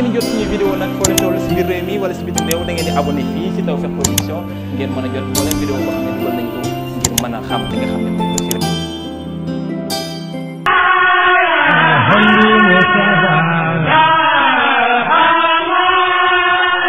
ngeen jot suñu vidéo nag foo leen a jot moo leen vidéo boo a xam li nga xam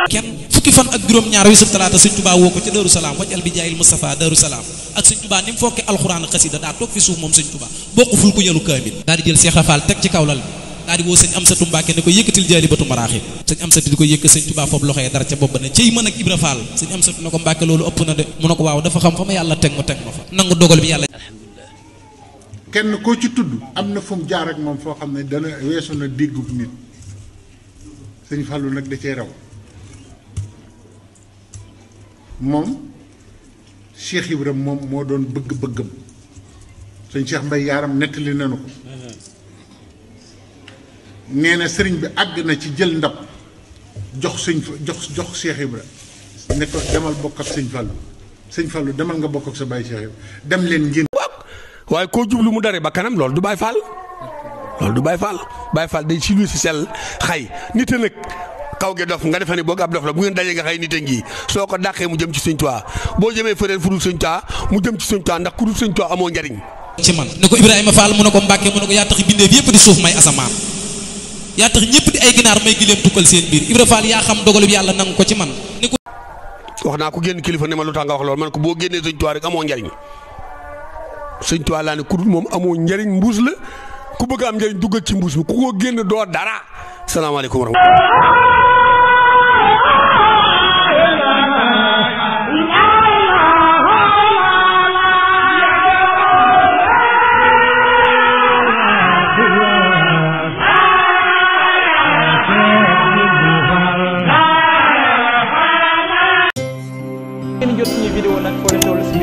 ne kenn fukki fan ak juróom-ñaar yu talaata sëñ Tuubaa ko ca Daaru Salaam bi jaayil Mustafa Daaru ak sëñ Tuubaa ni mu fokkee alxuraan xasida daa toog fi suuf moom sëñ Tuubaa bokk ful ku kaamil daal di jël Seex teg ci kaw lal bi daal di woo sëñ Amsatu Mbàkke ne ko yëkkatil jaalibatu maraaxib sëñ Amsatu di ko yëkk sëñ Tuubaa foofu loxo yi dara ca bopp ba ne cey mën ko Mbàkke loolu ëpp na de mu ko waaw dafa xam fa ma yàlla teg ma teg ma fa nangu kenn koo ci tudd am na fu mu jaar ak moom foo xam ne dana weesu na déggub nit sëñ Fallou nag da cee raw moom Cheikh Ibrahima moom moo doon bëgg-bëggam sëñ Cheikh Mbay yaaram nettali nanu ko nee na sëriñ bi àgg na ci jël ndab jox sëñ jox jox Cheikh Ibra ne ko demal bokk ak sëñ Fallou sëñ Fallou demal nga bokk ak sa bàyyi Cheikh Ibra dem leen ngeen. waaye koo jub lu mu daree ba kanam loolu du Baay fal loolu du Baay Faal Baay Faal day si lu si sell xay nit a nag kaw ge dof nga defee ne boog ab dof la bu ngeen dajee nga xay nit a ngi soo ko dàqee mu jëm ci sëñ Tuubaa boo jëmee fëreen fu dul sëñ Tuubaa mu jëm ci sëñ Tuubaa ndax ku dul sëñ Tuubaa amoo njariñ. ci man ne ko Ibrahima Fall mu yëpp suuf may asamaan yaa tax ñëpp di ay ginaar may gileem tukkal seen biir Ibra Fall yaa xam dogalub yàlla nangu ko ci man. wax naa ko génn kilifa ne ma lu tax nga wax loolu man ko boo génnee sëñ Tuubaa rek amoo njariñ sëñ Tuubaa laa ne ku moom amoo njariñ mbuus la ku bëgg am njariñ duggal ci mbuus mi ku koo génn doo dara salaamaaleykum wa rahmatulah